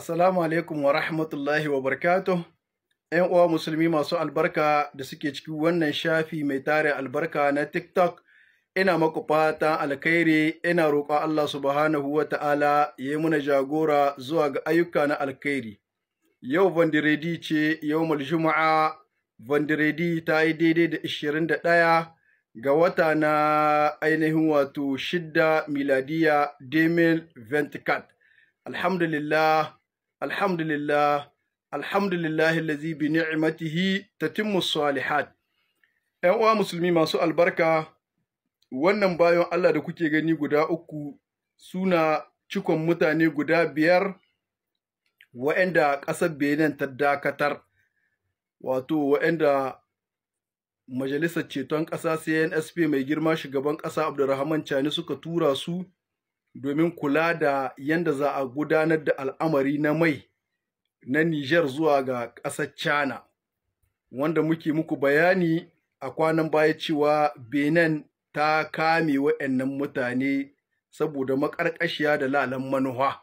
Assalamu alaikum wa rahmatullahi wa barakatuh. ‘Yan uwa musulmi masu albarka da suke cikin wannan shafi mai tare albarka na TikTok, ina maku fatan alkhairi ina roƙa Allah subhanahu wa ta'ala ya yi muna jagora zuwa ga ayyuka na alkhairi. Yau Vandiredi ce, yau maljuma'a Vandiredi ta yi daidai da ishirin da ɗaya ga wata na ainihin wato shidda miladiya 2024. Alhamdulillah alhamdulillah alhamdulillah allazi bi ni'matihi tatimmu salihat ƴan uwa musulmi masu albarka wannan bayan Allah da kuke gani guda uku suna cikon mutane guda biyar wa'anda ƙasar Benin ta dakatar wato wa'anda majalisar ceton ƙasa CNSP mai girma shugaban ƙasa Abdulrahman Chani suka tura su domin kula da yadda za a gudanar da al'amari na mai na Nijar zuwa ga ƙasar China, wanda muke muku bayani a kwanan baya cewa Benin ta kame wa'yannan mutane saboda maƙarƙashiya da lalan manuwa.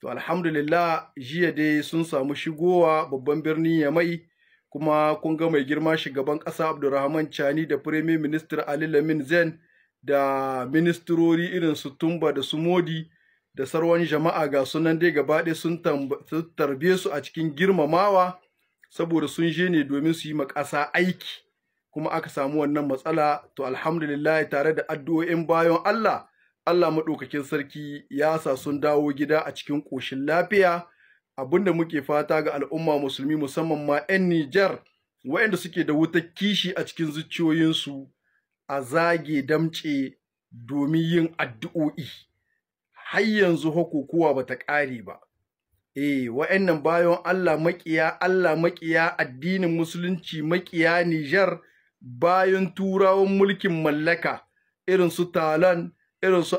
To, alhamdulillah, jiya dai sun samu shigowa babban birnin ya mai, kuma kun ga mai girma shugaban ƙasa Abdulrahman Chani da Firimin Ministar Ali Lamin Zain. da ministrori irin su tumba da su modi da sarwan jama'a ga sunan dai gaba ɗaya sun tarbe su a cikin girmamawa saboda sun je ne domin su yi ma aiki kuma aka samu wannan matsala to alhamdulillah tare da addu'o'in bayan Allah Allah maɗaukakin sarki ya sa sun dawo gida a cikin ƙoshin lafiya abinda muke fata ga al'umma musulmi musamman ma 'yan Nijar waɗanda suke da wutar kishi a cikin zuciyoyinsu a zage damce domin yin addu'o'i har yanzu hukukuwa ta ƙare ba eh nan bayan Allah maƙiya Allah maƙiya addinin musulunci maƙiya Nijar bayan turawan mulkin mallaka irin su Talan irin su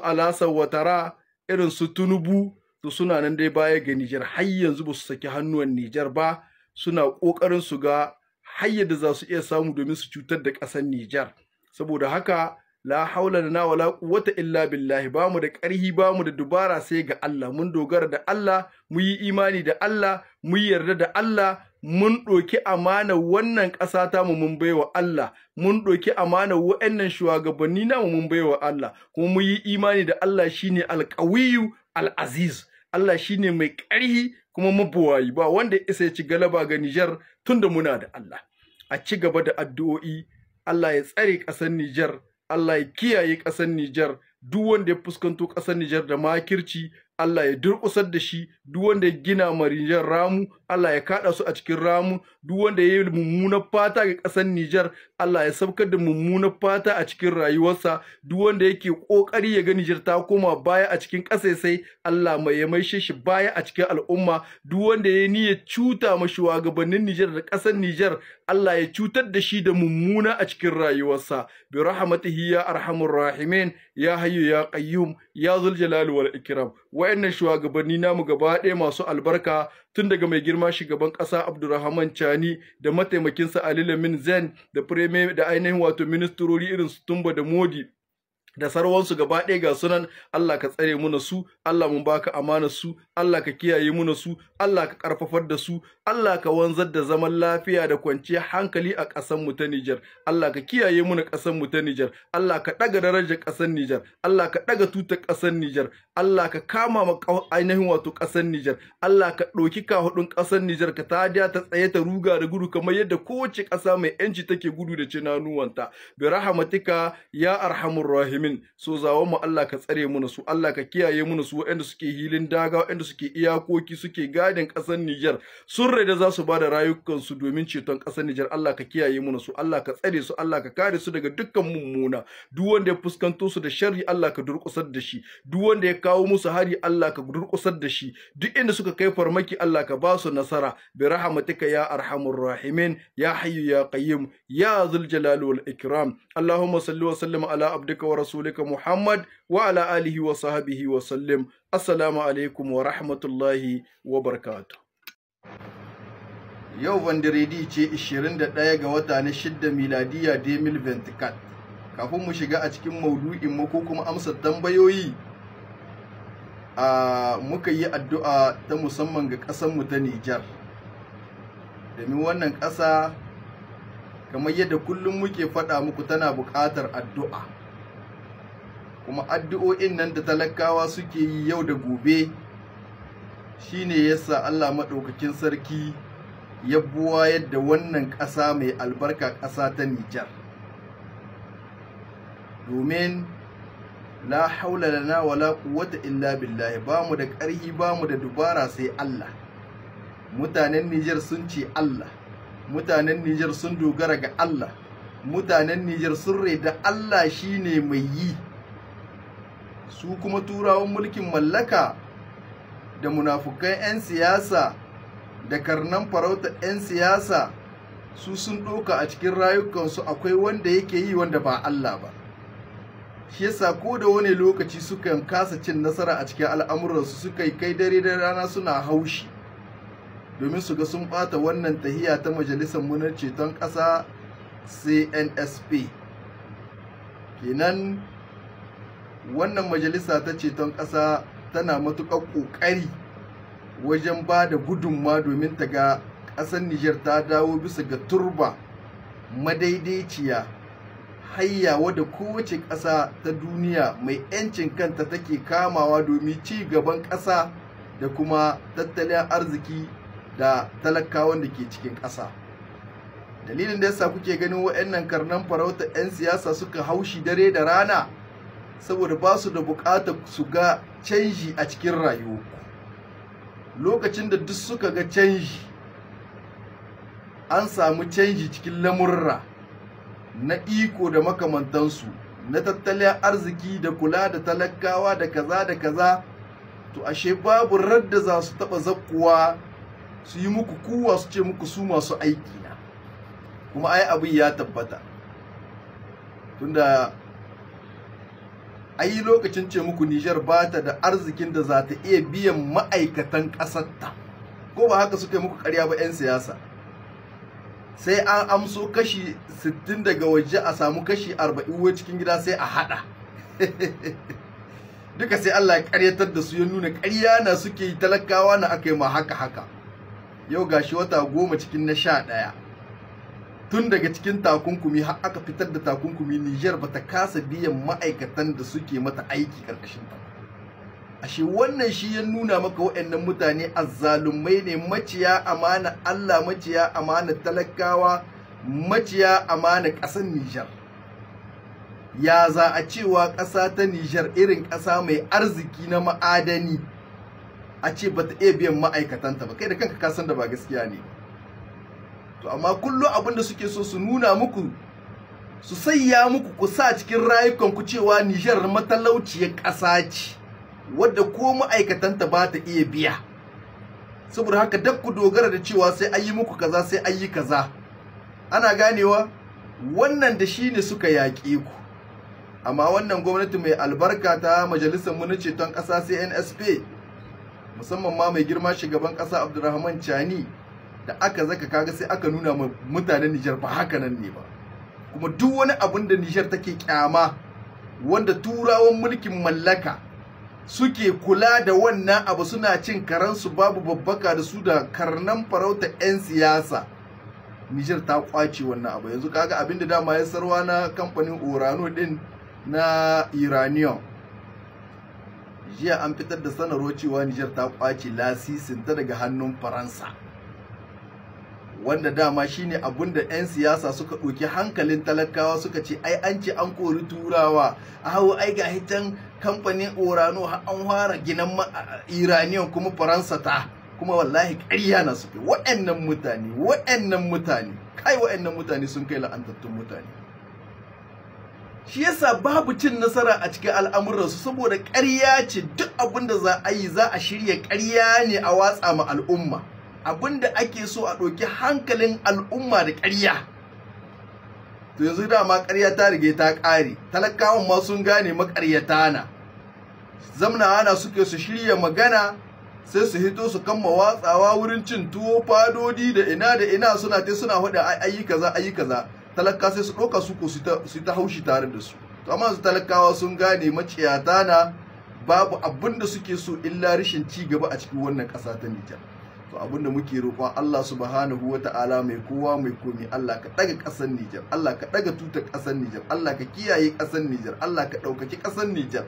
Watara irin su Tunubu suna nan dai baya ga Nijar har yanzu ba su saki hannuwan Nijar ba suna ƙoƙarin su ga hayyar da za su iya samu domin su cutar da ƙasar Nijar. saboda haka la haula lana wala quwwata illa billahi bamu da ƙarhi bamu da dubara sai ga Allah mun dogara da Allah mu yi imani da Allah mu yarda da Allah mun ɗoki amana wannan ƙasa ta mu mun baiwa Allah mun ɗoki amana wa'annan shugabanni mu mun baiwa Allah kuma mu yi imani da Allah shine alƙawiyu al'aziz Allah shine mai ƙarhi kuma mabuwayi ba wanda ya isa ya ci galaba ga Nijar tunda muna da Allah a ci gaba da addu'o'i Allah ya tsare ƙasar Nijar, Allah ya kiyaye ƙasar Nijar, duk wanda ya fuskanto ƙasar Nijar da makirci, Allah ya durƙusar da shi, duk wanda ya gina ma ramu, Allah ya kada su a cikin ramu duk wanda ya yi mummunar fata ga ƙasar Nijar Allah ya saukar da mummunan fata a cikin rayuwarsa duk wanda yake ƙoƙari ya ga Nijar ta koma baya a cikin ƙasaisai Allah mai ya maishe shi baya a cikin al'umma duk wanda ya niyya cuta ma shugabannin Nijar da ƙasar Nijar Allah ya cutar da shi da mummuna a cikin rayuwarsa bi rahmatihi ya arhamur rahimin ya hayyu ya qayyum ya zuljalal wal ikram wa'annan shugabanni namu gaba ɗaya masu albarka tun daga mai girma shugaban ƙasa Abdurrahman Chani da mataimakinsa Ali Lamin Zain da da ainihin wato ministrori irin su Tumba da Modi da sarwansu gaba ɗaya ga sunan Allah ka tsare muna su Allah mun baka amana su Allah ka kiyaye muna su Allah ka karfafar da su Allah ka wanzar da zaman lafiya da kwanciyar hankali a ƙasar mu ta Nijar. Allah ka kiyaye muna ƙasar mu ta Nijar. Allah ka ɗaga darajar ƙasar Nijar. Allah ka daga tutar ƙasar Niger Allah ka kama ma ainihin wato ƙasar Nijar. Allah ka ɗauki kahudun ƙasar Nijar. ka tadiya ta tsaye ta ruga da gudu kamar yadda kowace ƙasa mai yanci take gudu da cinanuwanta bi rahmatika ya arhamur rahim amin so zawon mu Allah ka tsare mu su Allah ka kiyaye mu su waɗanda suke hilin daga waɗanda suke iyakoki suke gadin ƙasar Nijar. sun rai da za su bada rayukan su domin ceton ƙasar Nijar. Allah ka kiyaye mu su Allah ka tsare su Allah ka kare su daga dukkan mummuna duk wanda ya fuskanto su da sharri Allah ka durƙusar da shi duk wanda ya kawo musu hari Allah ka durƙusar da shi duk inda suka kai farmaki Allah ka ba su nasara bi rahmatika ya arhamur rahimin ya hayyu ya qayyum ya dhul jalali wal ikram Allahumma salli wa sallim ala abdika wa rasul rasulika Muhammad wa ala alihi wa sahbihi wa sallim. Assalamu alaikum wa rahmatullahi wa Yau Vandiredi ce 21 ga wata na 6 miladiya Ventikat, Kafin mu shiga a cikin maudu'in mu ko kuma amsa tambayoyi a muka yi addu'a ta musamman ga mu ta Nijar. Domin wannan ƙasa kamar yadda kullum muke faɗa muku tana buƙatar addu'a kuma addu'o'in nan da talakawa suke yi yau da gobe shine yasa Allah maɗaukakin sarki ya buwa yadda wannan ƙasa mai albarka ƙasa ta Nijar domin la haula lana wala quwwata illa billahi bamu da ƙarhi bamu da dubara sai Allah mutanen Nijar sun ce Allah mutanen Nijar sun dogara ga Allah mutanen Nijar sun da Allah shine mai yi su kuma turawan mulkin mallaka da munafukan 'yan siyasa da karnan farauta 'yan siyasa su sun ɗoka a cikin rayukansu akwai wanda yake yi wanda ba Allah ba shi yasa ko da wani lokaci sukan kasa cin nasara a cikin al'amuransu suka kai dare da rana suna haushi domin su ga sun ɓata wannan tahiya ta majalisar munar ceton ƙasa cnsp kenan wannan majalisa ta ceton ƙasa tana matuƙar ƙoƙari wajen ba da gudunma domin ta ga ƙasar Nijar ta dawo bisa ga turba madaidaiciya hayyawa da kowace ƙasa ta duniya mai 'yancin kanta take kamawa domin ci gaban ƙasa da kuma tattalin arziki da talakawan da ke cikin ƙasa dalilin da yasa kuke ganin waɗannan karnan farauta 'yan siyasa suka haushi dare da rana saboda ba su da bukatar su ga canji a cikin rayuwa lokacin da duk suka ga canji an samu canji cikin lamurra na iko da makamantansu na tattalin arziki da kula da talakawa da kaza da kaza to ashe babu radda za su taba zakkuwa su yi muku kuwa su ce muku su masu aiki na kuma ai abin ya tabbata tunda ai lokacin ce muku Nijar ba ta da arzikin da za ta iya biyan ma'aikatan ƙasarta ko ba haka suka yi muku karya ba 'yan siyasa sai an amso kashi 60 daga waje a samu kashi 40 wai cikin gida sai a hada duka sai Allah ya karyatar da su ya nuna karya na suke talakawa na aka yi ma haka haka yau gashi wata goma cikin na sha ɗaya tun daga cikin takunkumi har aka fitar da takunkumi Nijar bata kasa biyan ma'aikatan da suke mata aiki karkashin ta ashe wannan shi ya nuna maka waɗannan mutane azzalumai ne maciya amana Allah maciya amana talakawa maciya amana ƙasar Nijar ya za a cewa ƙasa ta Nijar irin ƙasa mai arziki na ma'adani a ce bata iya biyan ma'aikatanta ba kai da kanka kasan da ba gaskiya ne to amma kullum abin da suke so su nuna muku su sayya muku ku sa cikin ku cewa Nijar matalauciyar ƙasa ce wadda ko ma'aikatanta ba ta iya biya saboda haka duk ku dogara da cewa sai ayi muku kaza sai ayi kaza ana ganewa wannan da shi ne suka yaƙe ku amma wannan gwamnati mai albarka ta majalisar mu ceton ƙasa sai NSP musamman ma mai girma shugaban ƙasa Abdulrahman Chani da aka zaka kaga sai aka nuna ma mutanen Nijar ba haka nan ne ba kuma duk wani abin da Nijar take kyama wanda turawan mulkin mallaka suke kula da wannan abu suna cin karansu babu babbaka da su da karnan farauta 'yan siyasa Nijar ta kwace wannan abu yanzu kaga abin da dama ya sarwa na kamfanin Orano din na Iranium jiya an fitar da sanarwa cewa Nijar ta kwace lasisin ta daga hannun Faransa wanda dama shine abun da 'yan siyasa suka ɗauki hankalin talakawa suka ce ai an ce an kori turawa a hau ai ga hitan kamfanin orano an fara ginan iraniyan kuma faransa ta kuma wallahi ƙarya na suke wa'annan mutane wa'annan mutane kai wa'annan mutane sun kai la'antattun mutane shi yasa babu cin nasara a cikin al'amuransu saboda ƙarya ce duk abin da za a yi za a shirya ƙarya ne a watsa ma al'umma abinda ake so a ɗauki hankalin al'umma da ƙarya to yanzu dama ƙarya ta rige ta ƙare talakawan ma sun gane maƙaryata na zamna ana suke su shirya magana sai su hito su kama watsawa wurin cin tuwo fadodi da ina da ina suna ta suna hudu ayi kaza ayi kaza talaka sai su ɗauka su ko su ta haushi tare da su to amma su talakawa sun gane maciyata na babu abin da suke so illa rashin ci gaba a cikin wannan ƙasa ta Nijar. to da muke roƙon Allah subhanahu wa ta'ala mai kowa mai komi Allah ka daga ƙasar Nijar Allah ka daga tutar ƙasar Nijar Allah ka kiyaye ƙasar Nijar Allah ka ɗaukaki ƙasar Nijar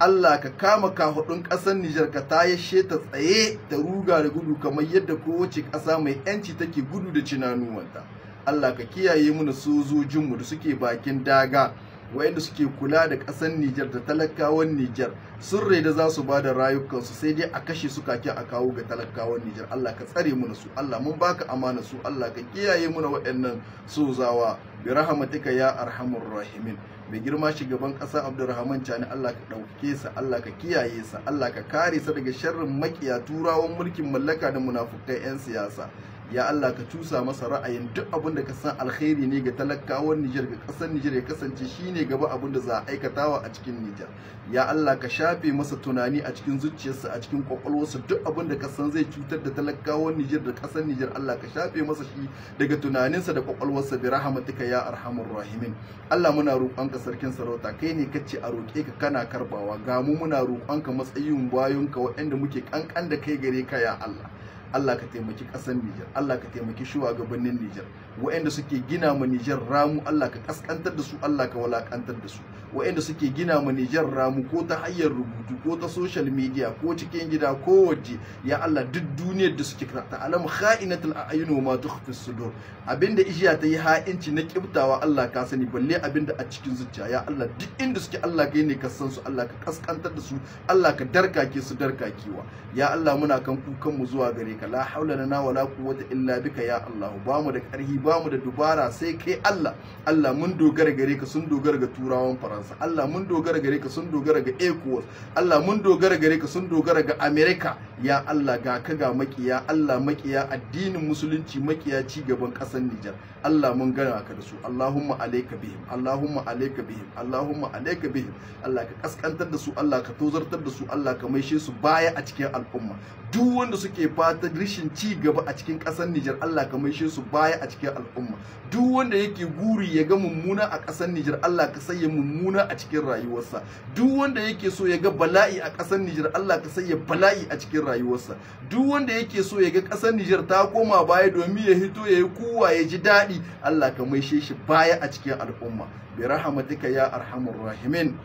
Allah ka kama kafaɗin ƙasar Nijar ka tayashe ta tsaye ta ruga da gudu kamar yadda kowace ƙasa mai ‘yanci take gudu da cinanuwanta. Allah ka kiyaye mana sojojinmu da suke bakin daga. wayanda suke kula da ƙasar Nijar da talakawan Nijar sun da za su ba da rayukansu sai dai a kashe su kake a kawo ga talakawan Nijar Allah ka tsare mu su Allah mun baka amana su Allah ka kiyaye mu na waɗannan sozawa bi rahmatika ya arhamur rahimin mai girma shugaban ƙasa Abdulrahman Chani Allah ka ɗauke sa Allah ka kiyaye sa Allah ka kare sa daga sharrin makiya turawan mulkin mallaka da munafukai 'yan siyasa ya Allah ka cusa masa ra'ayin duk abin da ka san alkhairi ne ga talakawan Nijar ga kasar Nijar ya kasance shine gaba abin da za a aikatawa a cikin Nijar ya Allah ka shafe masa tunani a cikin zuciyarsa a cikin kwakwalwarsa duk abin da ka san zai cutar da talakawan Nijar da kasar Nijar Allah ka shafe masa shi daga tunaninsa da kwakwalwarsa bi rahmatika ya arhamar rahimin Allah muna rukonka sarkin sarauta kai ne kace a roƙe ka kana karbawa ga mu muna ka matsayin bayonka waɗanda muke kankan da kai gare ka ya Allah Allah ka taimaki ƙasar Nijar Allah ka taimaki shugabannin Nijar wa'anda suke gina ma Nijar ramu Allah ka kaskantar da su Allah ka walakantar da su wa'anda suke gina ma Nijar ramu ko ta hanyar rubutu ko ta social media ko cikin gida ko waje ya Allah duk duniyar da suke karanta alam kha'inatul a'yun wa ma tukhfi sudur abinda ishiya ta yi ha'inci na kibtawa Allah ka sani balle abinda a cikin zuciya ya Allah duk inda suke Allah kai ne ka san su Allah ka kaskantar da su Allah ka darkake su darkakewa ya Allah muna kan kukan mu zuwa gare ka la haula lana wala quwwata illa bika ya Allah ba mu da karhi ba mu da dubara sai kai Allah Allah mun dogara gare ka sun dogara ga turawan faransa Allah mun dogara gare ka sun dogara ga ECOWAS Allah mun dogara gare ka sun dogara ga America ya Allah ga ka ga makiya Allah makiya addinin musulunci makiya ci gaban kasar Nijar Allah mun gana ka da su Allahumma alayka bihim Allahumma alayka bihim Allahumma alayka bihim Allah ka kaskantar da su Allah ka tozartar da su Allah ka maishe su baya a cikin al'umma duk wanda suke fata rishin ci gaba a cikin kasar Nijar Allah ka maishe su baya a cikin al'umma duk wanda yake guri ya ga mummuna a ƙasar Nijar Allah ka sanya mummuna a cikin rayuwarsa duk wanda yake so ya ga bala'i a ƙasar Nijar Allah ka sanya bala'i a cikin rayuwarsa duk wanda yake so ya ga ƙasar Nijar ta koma baya domin ya hito ya yi kuwa ya ji daɗi Allah ka maishe shi baya a cikin al'umma bi rahmatika ya arhamur rahimin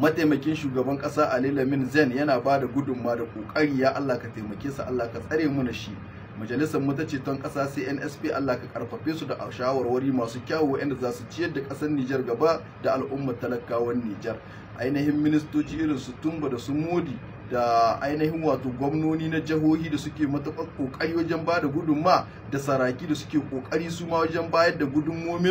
mataimakin shugaban ƙasa Ali Lamin Zen yana ba da gudunma da kokari ya Allah ka taimake sa Allah ka tsare mana shi majalisar mataceton ƙasa cnsp allah ka karfafe su da shawarwari masu kyawu wanda za su ciyar da ƙasar nijar gaba da al'ummar talakawan nijar ainihin ministoci irin su tumba da su modi da ainihin wato gwamnoni na jihohi da suke matuƙar ƙoƙari wajen bada da gudunma da saraki da suke ƙoƙari su ma wajen bayar da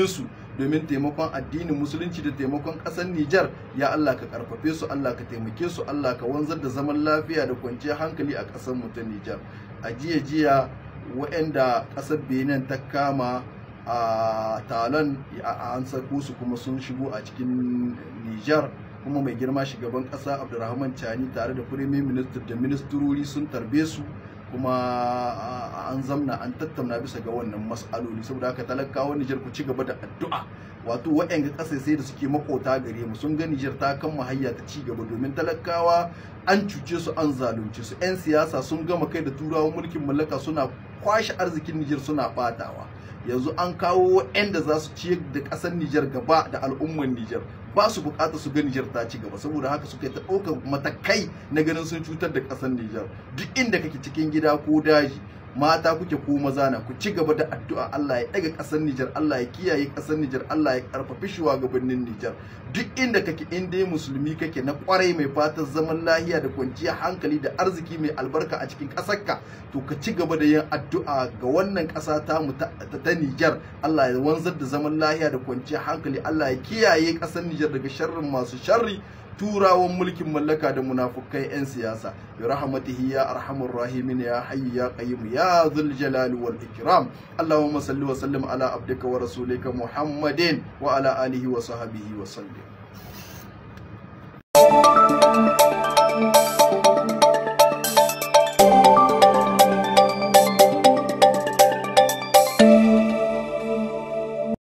su domin taimakon addinin musulunci da taimakon ƙasar Nijar ya Allah ka karfafe su Allah ka taimake su Allah ka wanzar da zaman lafiya da kwanciyar hankali a ƙasar mu ta Nijar a jiya jiya waɗanda ƙasar benin ta kama a talon a an sako su kuma sun shigo a cikin nijar kuma mai girma shugaban ƙasa abdurrahman cani tare da firimin minister da ministerori sun tarbe su kuma an zamna an tattauna bisa ga wannan matsaloli saboda haka talakawa nijar ku ci gaba da addu'a wato waɗanda ƙasashe da suke makota gare mu sun ga Nijar ta kan mahayya ta ci gaba domin talakawa an cuce su an zalunce su 'yan siyasa sun gama kai da turawan mulkin mallaka suna kwashe arzikin Nijar suna batawa yanzu an kawo waɗanda za su ciyar da ƙasar Nijar gaba da al'ummar Nijar ba su bukata su ga Nijar ta ci gaba saboda haka suka ta ɗaukar matakai na ganin sun cutar da ƙasar Nijar duk inda kake cikin gida ko daji mata kuke ko maza na ku ci gaba da addu'a Allah ya daga kasar Nijar Allah ya kiyaye kasar Nijar Allah ya karfafi shugabannin Nijar duk inda kake inda ya musulmi kake na kwarai mai fatan zaman lahiya da kwanciya hankali da arziki mai albarka a cikin ka. to ka ci gaba da yin addu'a ga wannan kasa ta ta Nijar Allah ya wanzar da zaman lahiya da kwanciya hankali Allah ya kiyaye kasar Nijar daga sharrin masu sharri turawan mulkin mallaka da munafukai 'yan siyasa bi rahmatihi ya arhamar rahimin ya hayyu ya qayyim ya dhul jalali wal ikram allahumma salli wa sallim ala abdika wa rasulika muhammadin wa ala alihi wa sahbihi wa sallim